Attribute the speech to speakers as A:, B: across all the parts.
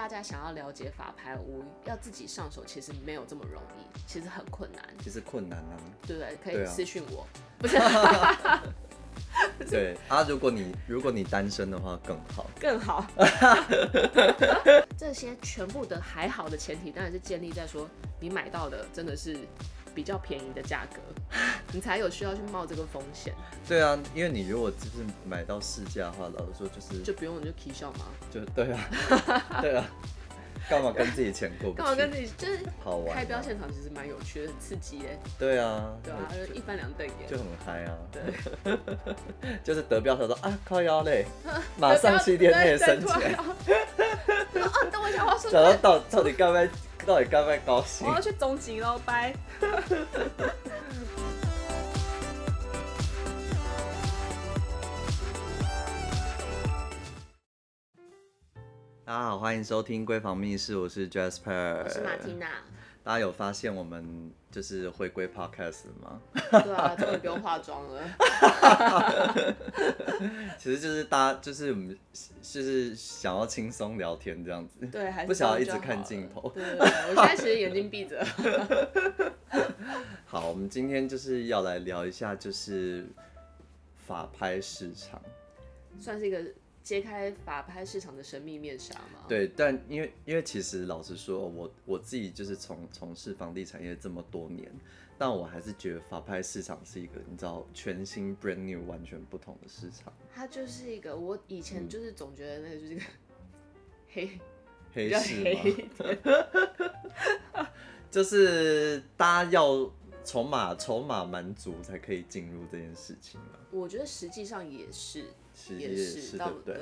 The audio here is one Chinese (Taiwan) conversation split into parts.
A: 大家想要了解法拍屋，我要自己上手，其實沒有這麼容易，其實很困難。其實困難啊，對不對，對？可以私訊我對、啊，不是。
B: 不是對啊，如果你如果你單身的話，更好，
A: 更好。 這些全部的還好的前提，當然是建立在說你買到的真的是比較便宜的價格。你才有需要去冒這個風險。
B: 對啊，因為你如果就是買到市價的話，老實說就是就
A: 不用就起笑嗎？
B: 就對啊，對啊，幹、 啊、嘛跟自己錢過不去？幹嘛跟
A: 自己就是開標現場其實蠻有趣的，很刺激耶。
B: 對啊，
A: 就對啊，就一翻
B: 兩瞪眼，就很嗨啊。對， 就是得標，他說啊，靠腰嘞， 馬上七天內申請。啊、 哦，
A: 等一下我講話說。怎麼
B: 到到底該不該？ 到底該不該高興？我要
A: 去終極嘍，拜。
B: 大家好，歡迎收聽《閨房蜜事》，我是 Jasper，我是馬蒂娜。大家有發現我們就是回歸 podcast 嗎？對啊，終於不用
A: 化妝了。 其實
B: 就是大家就是我們就是想要輕鬆聊天這樣子，對，還是不想要一直看鏡頭。對，我現在其實眼睛閉
A: 着。
B: 好，我們今天就是要來聊一下，就是法拍市場，算
A: 是一個。揭開法拍市場的神秘面紗嘛。對，
B: 但因為因為其實老實說，我我自己就是從從事房地產業這麼多年，但我還是覺得法拍市場是一個你知道全新 brand new 完全不同的市場。
A: 它就是一個我以前就是總覺得那個就是個黑、嗯、黑市嘛，
B: 就是大家要。籌碼籌碼滿足才可以進入這件事情、啊、
A: 我覺得實際上也是，也是對不對？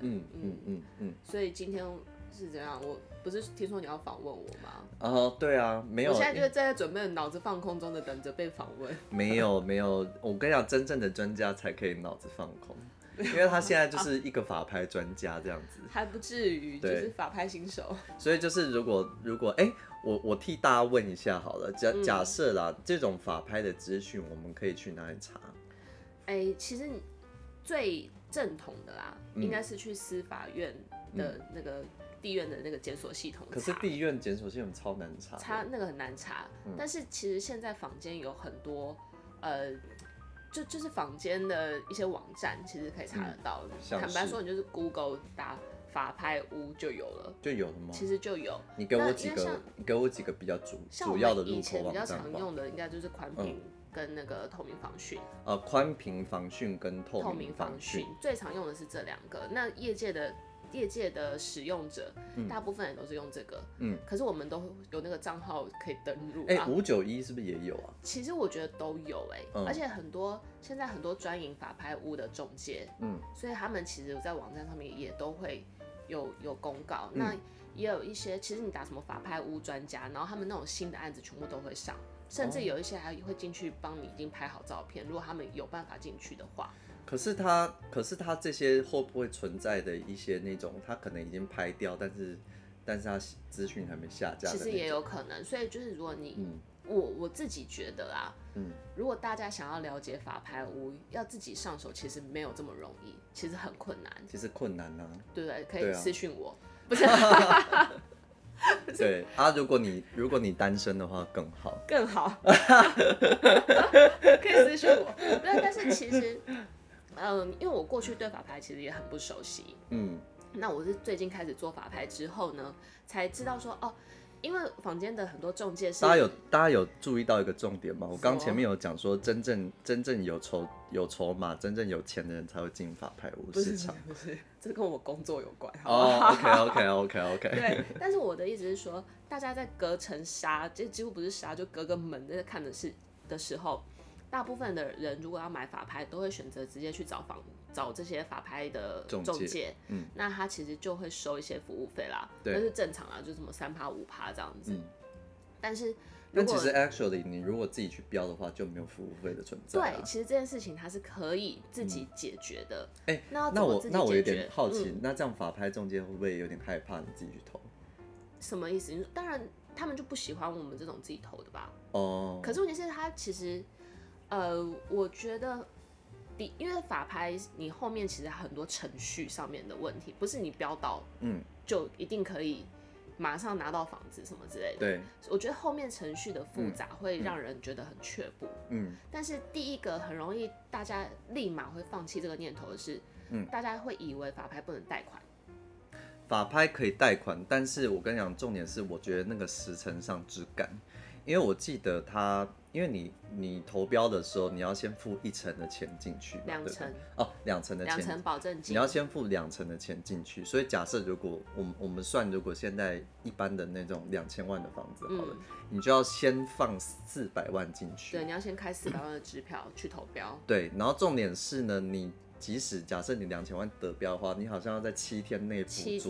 A: 嗯嗯嗯嗯。所以今天是這樣，我不是聽說你要訪問我嗎？
B: 啊、哦，對啊，沒有。我現在就是
A: 在準備，腦子放空中的等著，等着被訪問。
B: 沒有沒有，我跟你講，真正的專家才可以腦子放空。因為他現在就是一個法拍專家這樣子，
A: 還不至於，就是法拍新手。
B: 所以就是如果如果哎、欸，我我替大家問一下好了，假，嗯、假設啦，這種法拍的資訊我們可以去哪裡查？哎、
A: 欸，其實最正統的啦，嗯、應該是去司法院的那個地院的那個檢索系統、嗯。可
B: 是地院檢索系統超難查，查
A: 那個很難查、嗯。但是其實現在坊間有很多呃。就就是坊間的一些網站，其實可以查得到。嗯、像坦白說，你就是 Google 打法拍屋就有了，就有了嗎？其實就有。那你給我幾個，
B: 給我幾個比較主，主要的入口網站，網，我以前比較常用
A: 的應該就是寬屏跟那個透明防訊、
B: 嗯。呃，寬屏防訊跟透明防訊。透明防訊
A: 最常用的是這兩個。那業界的。業界的使用者、嗯，大部分人都是用這個。嗯，可是我們都有那個賬號可以登錄。哎、欸，五
B: 九一是不是也有啊？
A: 其實我覺得都有誒、欸嗯。而且很多現在很多專營法拍屋的中介，嗯，所以他們其實在網站上面也都會有有公告、嗯。那也有一些，其實你打什麼法拍屋專家，然後他們那種新的案子全部都會上，甚至有一些還會進去幫你已經拍好照片、哦，如果他們有辦法進去的話。
B: 可是他，可是他這些會不會存在的一些那種，他可能已經拍掉，但是，但是他資訊還沒下架。其實也有
A: 可能，所以就是如果你，嗯、我我自己覺得啊，嗯，如果大家想要了解法拍屋，我要自己上手，其實沒有這麼容易，其實很困難，
B: 其實困難啊，對不對？可以私
A: 訊我、啊，不是？
B: 不是對啊，如果你如果你單身的話，更好，
A: 更好， 可以私訊我。對，但是其實。嗯，因為我過去對法拍其實也很不熟悉，
B: 嗯，
A: 那我是最近開始做法拍之後呢，才知道說哦，因為房間的很多中介是，大家有
B: 大家有注意到一個重點嗎？我剛剛前面有講說真、哦，真正真正有籌有籌碼、真正有錢的人才會進法拍屋市場，
A: 不是，不是，這跟我工作有關，哦 OK OK OK
B: OK, okay.。 對，
A: 但是我的意思是說，大家在隔層紗，就幾乎不是紗，就隔個門在看的是的時候。大部分的人如果要買法拍，都會選擇直接去找房找這些法拍的仲介、中介，嗯，那他其實就會收一些服務費啦，這是正常啊，就什麼三趴五趴這樣子、
B: 嗯。
A: 但是如果那其實
B: actually 你如果自己去標的話，就沒有服務費的存在、啊。對，其
A: 實這件事情它是可以自己解決的。哎、
B: 嗯欸，那那我那我有點好奇，嗯、那這樣法拍中介會不會有點害怕你自己去投？
A: 什麼意思？你當然，他們就不喜歡我們這種自己投的吧？
B: 哦、oh.，可
A: 是問題是他其實。呃，我覺得，第，因為法拍你後面其實很多程序上面的問題，不是你標到，嗯，就一定可以馬上拿到房子什麼之類的。對，嗯，我覺得後面程序的複雜會讓人覺得很卻步。嗯，但是第一個很容易大家立馬會放棄這個念頭的是，嗯，大家會以為法拍不能貸款。
B: 法拍可以貸款，但是我跟你講，重點是我覺得那個時程上之感。因為我記得他，因為你你投標的時候，你要先付一成的錢進去，兩成哦，兩成的錢，兩成保
A: 證金，你要先
B: 付兩成的錢進去。所以假設如果我們我們算，如果現在一般的那種兩千萬的房子好了，嗯、你就要先放四百萬進去。
A: 對，你要先開四百萬的支票去投標、嗯。
B: 對，然後重點是呢，你即使假設你兩千萬得標的話，你好像要在七天內付一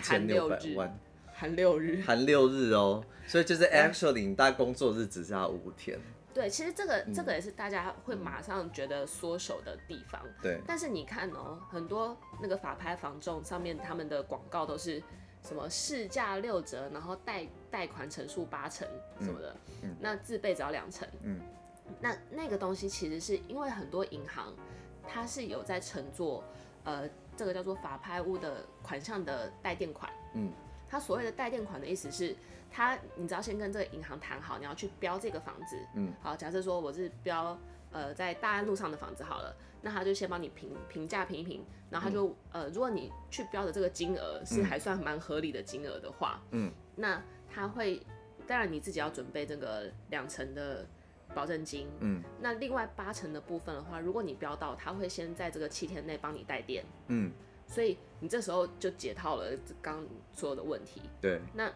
B: 千六百萬。含六日，含六日哦，所以就是 actually 你大概工作日只剩下五天，嗯。
A: 對，其實這個這個也是大家會馬上覺得縮手的地方。對，嗯，但是你看哦，很多那個法拍房仲上面他們的廣告都是什麼市價六折，然後貸貸款成數八成什麼的，嗯嗯，那自備只要兩成。嗯，那那個東西其實是因為很多銀行它是有在承做呃，這個叫做法拍屋的款項的代墊款。嗯。他所謂的代墊款的意思是，他，你只要先跟這個銀行談好，你要去標這個房子，嗯，好，假設說我是標，呃，在大安路上的房子好了，那他就先幫你評評價評一評，然後他就，嗯，呃，如果你去標的這個金額是還算蠻合理的金額的話，嗯，那他會，當然你自己要準備這個兩成的保證金，嗯，那另外八成的部分的話，如果你標到，他會先在這個七天內幫你代墊，嗯。所以你這時候就解套了，剛說的問題。對。那，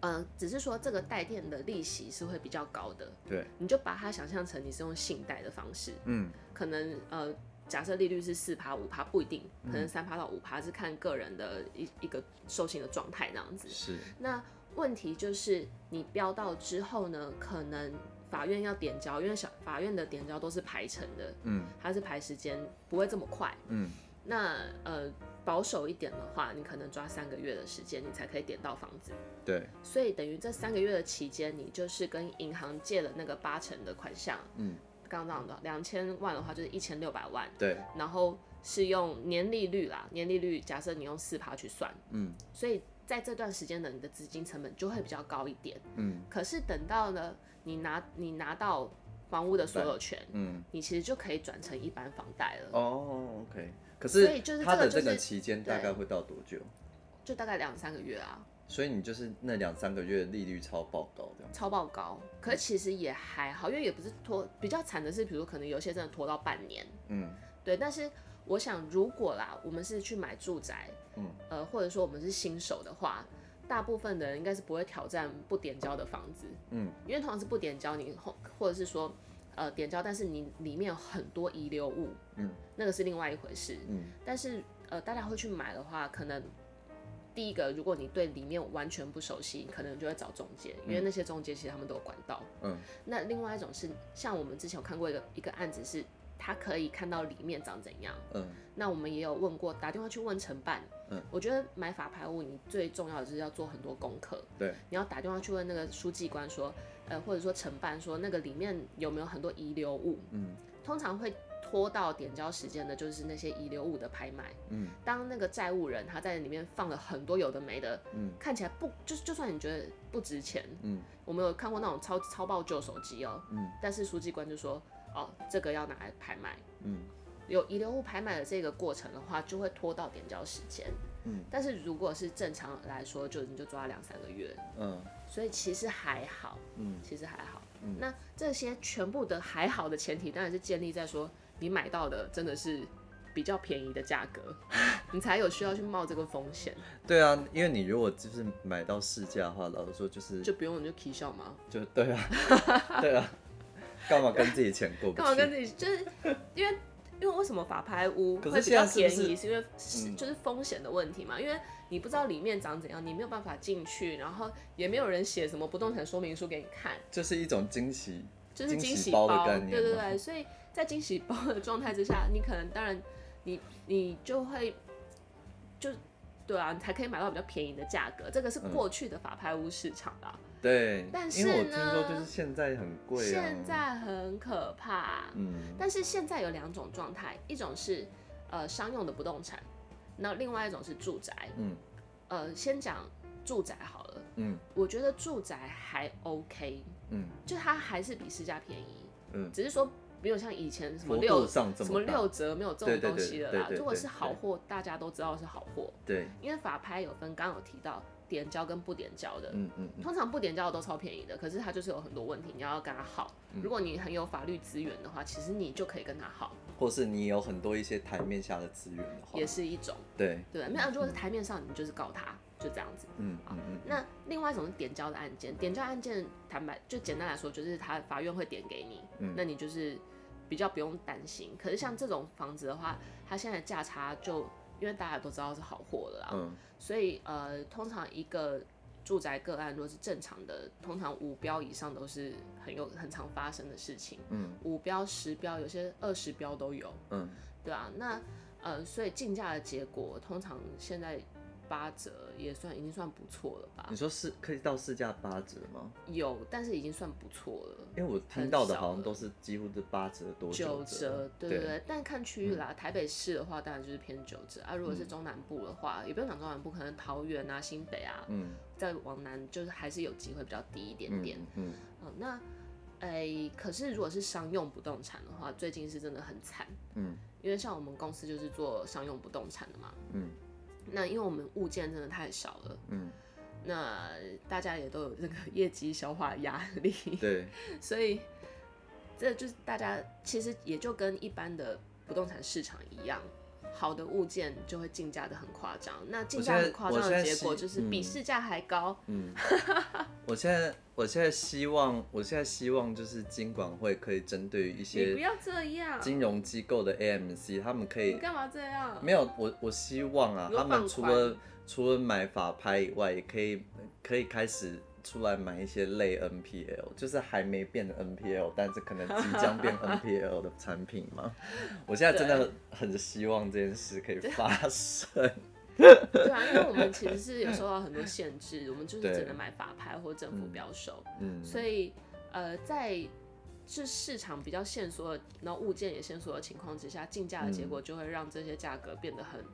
A: 呃，只是說這個代墊的利息是會比較高的。對。你就把它想象成你是用信貸的方式。嗯。可能呃，假設利率是四趴五趴，不一定，可能三趴到五趴，是看個人的一一個授信的狀態這樣子。是。那問題就是你標到之後呢，可能法院要點交，因為小法院的點交都是排程的。嗯。它是排時間，不會這麼快。嗯。那呃保守一點的話，你可能抓三個月的時間，你才可以點到房子。對，所以等於這三個月的期間，你就是跟銀行借了那個八成的款項。嗯，剛剛講到兩千萬的話，就是一千六百萬。對，然後是用年利率啦，年利率假設你用四趴去算。嗯，所以在這段時間的你的資金成本就會比較高一點。嗯，可是等到呢，你拿你拿到。房屋的所有權，嗯，你其實就可以轉成一般房貸了。哦
B: ，OK，可是所以就是它的這個期間大概會到多久？
A: 就大概兩三個月啊。
B: 所以你就是那兩三個月利率超爆高，
A: 超爆高。可是其實也還好，因為也不是拖，比較慘的是，比如說可能有些真的拖到半年。嗯，對。但是我想，如果啦，我們是去買住宅，嗯，呃，或者說我們是新手的話。大部分的人應該是不會挑戰不點交的房子，嗯，因為通常是不點交，你或或者是說，呃，點交，但是你裡面有很多遺留物，嗯，那個是另外一回事，嗯，但是呃，大家會去買的話，可能第一個，如果你對裡面完全不熟悉，你可能就會找中介，因為那些中介其實他們都有管道，嗯，那另外一種是，像我們之前有看過一個一個案子是，是他可以看到裡面長怎樣，嗯，那我們也有問過，打電話去問承辦。嗯、我覺得買法拍物，你最重要的就是要做很多功課。對，你要打電話去問那個書記官說，呃，或者說承辦說，那個裡面有沒有很多遺留物？嗯，通常會拖到點交時間的，就是那些遺留物的拍賣。嗯，當那個債務人他在裡面放了很多有的沒的，嗯，看起來不，就就算你覺得不值錢，嗯，我們有看過那種超超爆舊手機哦、喔，嗯，但是書記官就說，哦，這個要拿來拍賣，嗯。有遺留物拍賣的這個過程的話，就會拖到點交時間。嗯，但是如果是正常來說，就你就抓兩三個月。嗯，所以其實還好。嗯，其實還好。嗯，那這些全部的還好的前提，當然是建立在說你買到的真的是比較便宜的價格， 你才有需要去冒這個風險。
B: 對啊，因為你如果就是買到市價的話，老實說就是就
A: 不用你就起笑嗎？
B: 就對啊，對啊，幹嘛跟自己錢過不去？幹 嘛跟
A: 自己就是因為。因為為什麼法拍屋會比較便宜？是，是，是，是因為是、嗯、就是風險的問題嘛？因為你不知道裡面長怎樣，你沒有辦法進去，然後也沒有人寫什麼不動產說明書給你看，
B: 就是一種驚喜，就是驚喜，驚喜包的概念嘛。對對
A: 對，所以在驚喜包的狀態之下，你可能當然你，你你就會就。對啊，你才可以買到比較便宜的價格。這個是過去的法拍屋市場啦、啊嗯。
B: 對，但是呢，因為我聽說就是現在很貴、啊，現
A: 在很可怕。嗯，但是現在有兩種狀態，一種是呃商用的不動產，那另外一種是住宅。嗯，呃，先講住宅好了。嗯，我覺得住宅還 OK。嗯，就它還是比市價便宜。嗯，只是說。沒有像以前什麼六麼什麼六折沒有這種東西了啦，對對對對對對。如果是好貨對對，大家都知道是好貨。對，因為法拍有分，剛，剛有提到點交跟不點交的。嗯嗯，嗯。通常不點交的都超便宜的，可是它就是有很多問題。你要跟它耗，嗯，如果你很有法律資源的話，其實你就可以跟它耗。
B: 或是你有很多一些台面下的資源的話，也是一種。對對，
A: 沒有、啊。如果是台面上，你就是告他。就這樣子，嗯啊、嗯，那另外一種是點交的案件，點交案件坦白就簡單來說，就是他法院會點給你，嗯、那你就是比較不用擔心。可是像這種房子的話，它現在價差就因為大家都知道是好貨了啦、嗯，所以呃，通常一個住宅個案如果是正常的，通常五標以上都是很有很常發生的事情，嗯，五標十標有些二十標都有，嗯，對啊。那呃，所以競價的結果通常現在。八折也算已經算不錯了吧？
B: 你說是可以到市價八折嗎？
A: 有，但是已經算不錯了。因為我聽到的好像都
B: 是幾乎是八折多九折，九折對對對。
A: 但看區域啦、嗯，台北市的話當然就是偏九折啊。如果是中南部的話，嗯、也不用講中南部，可能桃園啊、新北啊，嗯，再往南就是還是有機會比較低一點點，嗯。嗯，啊、那，哎、欸，可是如果是商用不動產的話，最近是真的很慘，嗯，因為像我們公司就是做商用不動產的嘛，嗯。那因為我們物件真的太少了，嗯，那大家也都有這個業績消化的壓力，對， 所以這就是大家其實也就跟一般的不動產市場一樣。好的物件就會競價的很誇張，那競價很誇張的結果就是比市價還高。嗯， 嗯，
B: 我現在我現在希望我現在希望就是金管會可以針對一些金融機構的 AMC，他們可以你
A: 幹嘛這樣？沒有，
B: 我我希望啊，他們除了除了買法拍以外，也可以可以開始。出來買一些類 NPL，就是還沒變的 NPL，但是可能即將變 NPL 的產品嘛。 我現在真的很希望這件事可以發生對對。對啊，
A: 因為我們其實是有受到很多限制， 我們就是只能買法拍或政府標售。嗯。所以呃，在這市場比較限索，然後物件也限縮的情況之下，競價的結果就會讓這些價格變得很、嗯、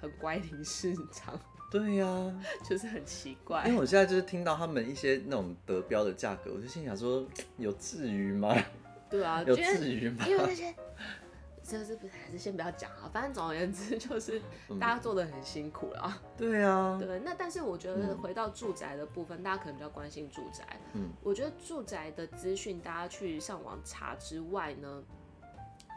A: 很乖離市場。對呀、啊，就是很奇怪。因為我現
B: 在就是聽到他們一些那種得標的價格，我就心想說，有至於嗎？對啊， 有至於嗎？因
A: 為那些，就 是不是還是先不要講啊？反正總而言之，就是大家做的很辛苦了。對啊，對。那但是我覺得回到住宅的部分，嗯、大家可能比較關心住宅。嗯，我覺得住宅的資訊，大家去上網查之外呢，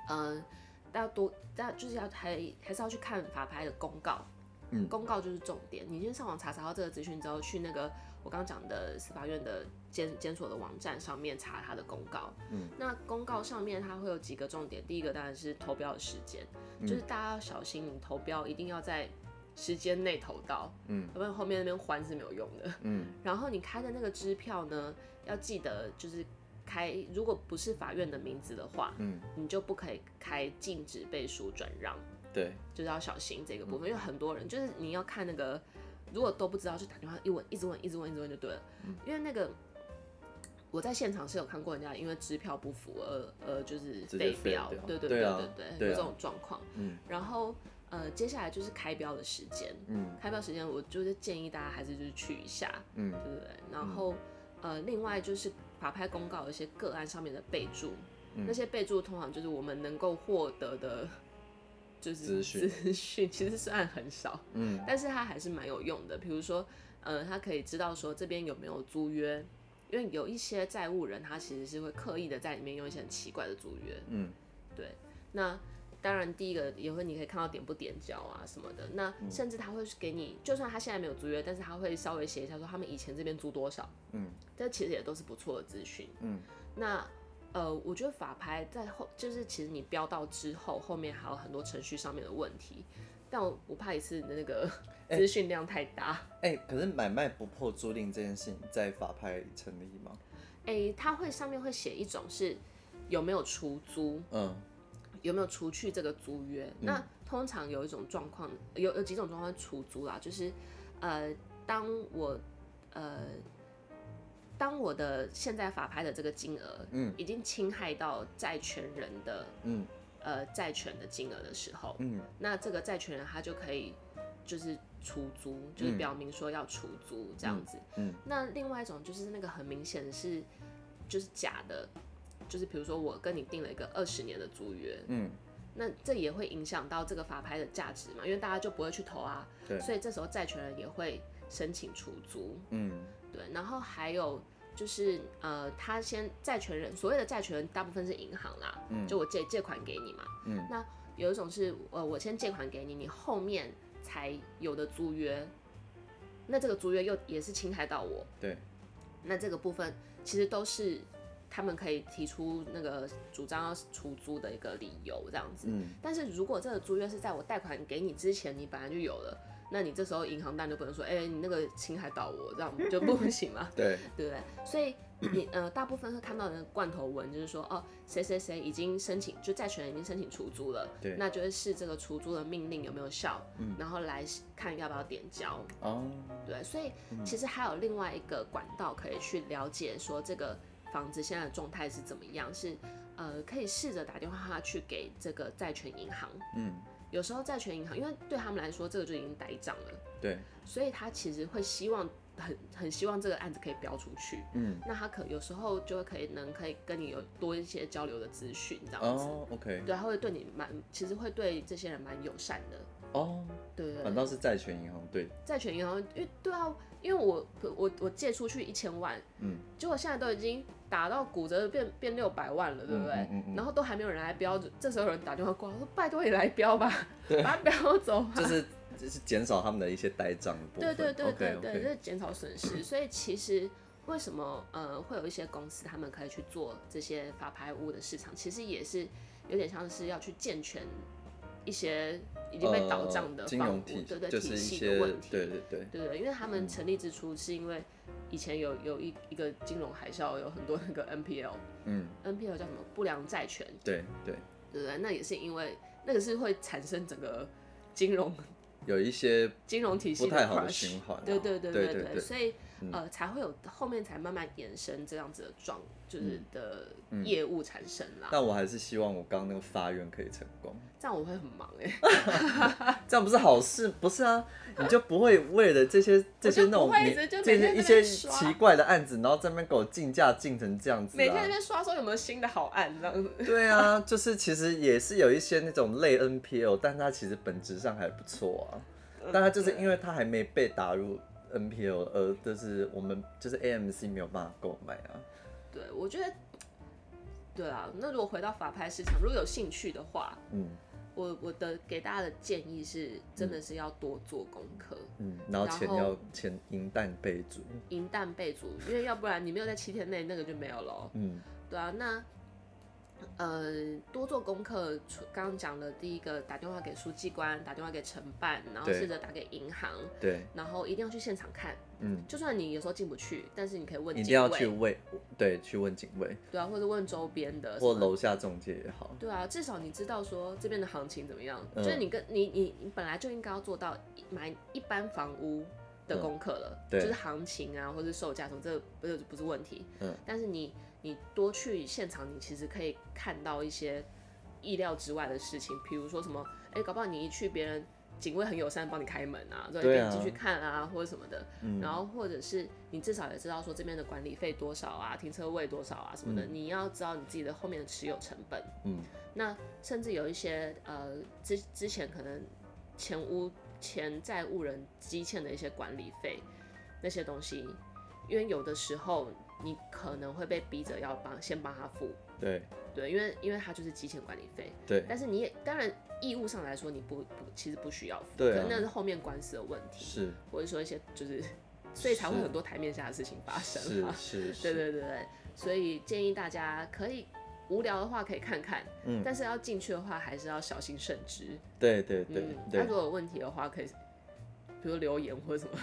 A: 嗯、呃，大家多，大家就是要還還是要去看法拍的公告。嗯、公告就是重點。你先上網查查到這個資訊之後，去那個我剛剛講的司法院的監所的網站上面查它的公告、嗯。那公告上面它會有幾個重點，第一個當然是投標的時間、嗯，就是大家要小心，你投標一定要在時間內投到，嗯，要不然後面那邊還是沒有用的，嗯。然後你開的那個支票呢，要記得就是開，如果不是法院的名字的話，嗯、你就不可以開禁止背書轉讓。對，就是要小心這個部分，嗯、因為很多人就是你要看那個，如果都不知道就打電話一問，一直問，一直問，一直問就對了、嗯。因為那個我在現場是有看過人家因為支票不符而呃,呃就是廢標,標，對對對對對，對啊對對對對啊對啊、有這種狀況、嗯。然後呃接下來就是開標的時間、嗯，開標時間我就是建議大家還是就是去一下，嗯對不對？然後、嗯、呃另外就是法拍公告有一些個案上面的備注、嗯，那些備注通常就是我們能夠獲得的。就是資訊其實算很少，嗯，但是他還是蠻有用的。比如說，呃，他可以知道說這邊有沒有租約，因為有一些債務人他其實是會刻意的在裡面用一些很奇怪的租約，嗯，對。那當然第一個也會你可以看到點不點交啊什麼的。那甚至他會給你，嗯，就算他現在沒有租約，但是他會稍微寫一下說他們以前這邊租多少，嗯，這其實也都是不錯的資訊，嗯，那。呃，我覺得法拍在後，就是其實你標到之後，後面還有很多程序上面的問題，但我怕一次你的那個資訊量太大。
B: 哎、欸欸，可是買賣不破租賃這件事情在法拍成立嗎？哎、
A: 欸，它會上面會寫一種是有沒有出租，嗯，有沒有除去這個租約。嗯、那通常有一種狀況，有有幾種狀況出租啦，就是呃，當我呃。當我的現在法拍的這個金額，嗯，已經侵害到債權人的，嗯，呃，債權的金額的時候，嗯，那這個債權人他就可以就是除租，就是表明說要除租這樣子。嗯，嗯，那另外一種就是那個很明顯是就是假的，就是比如說我跟你訂了一個二十年的租約，嗯，那這也會影響到這個法拍的價值嘛，因為大家就不會去投啊，對，所以這時候債權人也會申請除租，嗯，對，然後還有。就是呃，他先債權人，所謂的債權人大部分是銀行啦，嗯、就我借借款給你嘛，嗯、那有一種是呃，我先借款給你，你後面才有的租約，那這個租約又也是侵害到我，對，那這個部分其實都是他們可以提出那個主張要出租的一個理由這樣子、嗯，但是如果這個租約是在我貸款給你之前，你本來就有了。那你這時候銀行當然就不能說，哎、欸，你那個錢還到我這樣就不行嘛， 對，對不對？所以你呃大部分會看到的罐頭文，就是說哦，誰誰誰已經申請，就債權人已經申請出租了，對，那就是試這個出租的命令有沒有效、嗯，然後來看要不要點交，哦、嗯，對，所以其實還有另外一個管道可以去了解，說這個房子現在的狀態是怎麼樣，是呃可以試着打電話去給這個債權銀行，嗯。有時候債權銀行，因為對他們來說這個就已經呆賬了，對，所以他其實會希望很很希望這個案子可以標出去，嗯，那他可有時候就會可以能可以跟你有多一些交流的資訊這樣子，哦，oh，OK，對，他會對你蠻其實會對這些人蠻友善的。哦，對，對，對，反、啊、倒是債
B: 權銀行對，
A: 債權銀行，因為對啊，因為我我我借出去一千萬，嗯，結果現在都已經打到骨折變，變變六百萬了，對不對、嗯嗯嗯？然後都還沒有人來標，這時候有人打電話過來，我說拜托你來標吧，把它標走，就是
B: 就是減少他們的一些呆賬對對對，okay, okay 對，對，對，就是
A: 減少損失。所以其實為什麼呃，會有一些公司他們可以去做這些法拍屋的市場，其實也是有點像是要去健全。一些已經被倒賬的金融，對對,對、就是，體系，的問題，對對對,對，對,對對？因為他們成立之初是因為以前有、嗯、有一一個金融海嘯，有很多那個 NPL，嗯，NPL 叫什麼？不良債權，對對
B: 對對,
A: 對,對,對對對，那也是因為那個是會產生整個金融
B: 有一些 crush,
A: 金融體系不太好的循環，對對對對對，所以。嗯、呃，才會有後面才慢慢延伸這樣子的狀，就是的業務產生啦。嗯嗯、但
B: 我還是希望我剛剛那個發願可以成功。這
A: 樣我會很忙哎、欸，
B: 這樣不是好事？不是啊，啊你就不會為了這些、啊、這些那種我就會一直就那這些一些奇怪的案子，然後在那邊給我競價競成這樣子、啊？每天那邊
A: 刷說有沒有新的好案這樣子？對啊，
B: 就是其實也是有一些那種類 NPO，但它其實本質上還不錯啊，但它就是因為它還沒被打入。NPL 呃，就是我們就是 AMC 沒有辦法購買啊。
A: 對，我覺得，對啊，那如果回到法拍市場，如果有興趣的話，嗯，我我的給大家的建議是，真的是要多做功課，
B: 嗯，然後錢要錢銀彈備足，
A: 銀彈備足，因為要不然你沒有在七天內， 那個就沒有了，嗯，對啊，那。呃，多做功課，剛剛講的第一個打電話給書記官，打電話給承辦，然後試着打給銀行對，對，然後一定要去現場看，嗯，就算你有時候進不去，但是你可以問警衛，一定要去
B: 問，對，去問警衛，
A: 對啊，或者問周邊的，或
B: 樓下仲介也好，
A: 對啊，至少你知道說這邊的行情怎麼樣，嗯、就是你跟你你你本來就應該要做到一買一般房屋的功課了，嗯、對，就是行情啊，或是售價什麼，這不是不是問題，嗯，但是你。你多去現場，你其實可以看到一些意料之外的事情，比如說什麼，哎、欸，搞不好你一去，別人警衛很友善，幫你開門啊，啊對，進去看啊，或者什麼的。嗯、然後或者是你至少也知道說這邊的管理費多少啊，停車位多少啊什麼的、嗯，你要知道你自己的後面的持有成本。嗯。那甚至有一些呃之之前可能前屋前債務人積欠的一些管理費那些東西，因為有的時候。你可能會被逼着要幫先幫他付，對對，因為因為他就是基前管理費，對。但是你也當然義務上來說，你不不其實不需要付，對啊、可能那是後面官司的問題，是，或者說一些就是，所以才會很多台面下的事情發生，是是 是，對對對對，所以建議大家可以無聊的話可以看看，嗯，但是要進去的話還是要小心慎之、嗯，
B: 對對對，他、啊、如果
A: 有問題的話可以。比如留言或者什麼，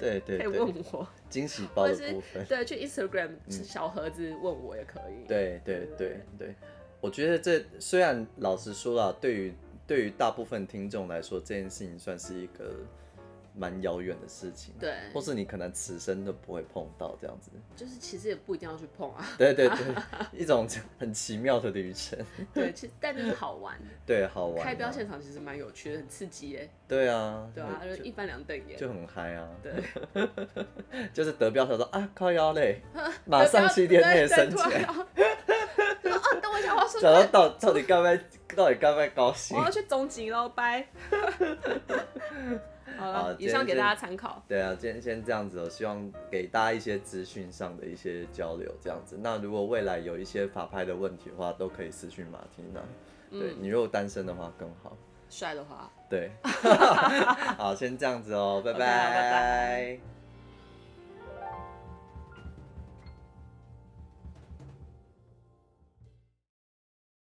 A: 對對，可以問我驚喜包的部分，對，去 Instagram 小盒子、嗯、問我也可以。對對對
B: 對，對對對，我覺得這雖然老實說啊，對於對於大部分聽眾來說，這件事情算是一個。蠻遙遠的事情、啊，對，或是你可能此生都不會碰到這樣子，
A: 就是其實也不一定要去碰啊。對對對， 一種
B: 很奇妙的旅程。 對，其實但
A: 就是好玩。
B: 對，好玩。開標現
A: 場其實蠻有趣的，很刺激耶、欸。
B: 對啊。對啊，一
A: 翻兩瞪眼就
B: 很嗨啊，啊。對。 就是得標他說啊，靠腰累，馬上七天內生錢。
A: 哈 啊，你等我一下，我要找到
B: 到到底該不該，到底該不該高興？我要去
A: 終極嘍，拜。 好、啊，以上給大家參考。
B: 對啊，今天先這樣子，哦，希望給大家一些資訊上的一些交流，這樣子。那如果未來有一些法拍的問題的話，都可以私訊馬踢娜、嗯。對，你如果單身的話更好，
A: 帥的話，對。 好，先
B: 這樣子哦，拜 拜。Okay,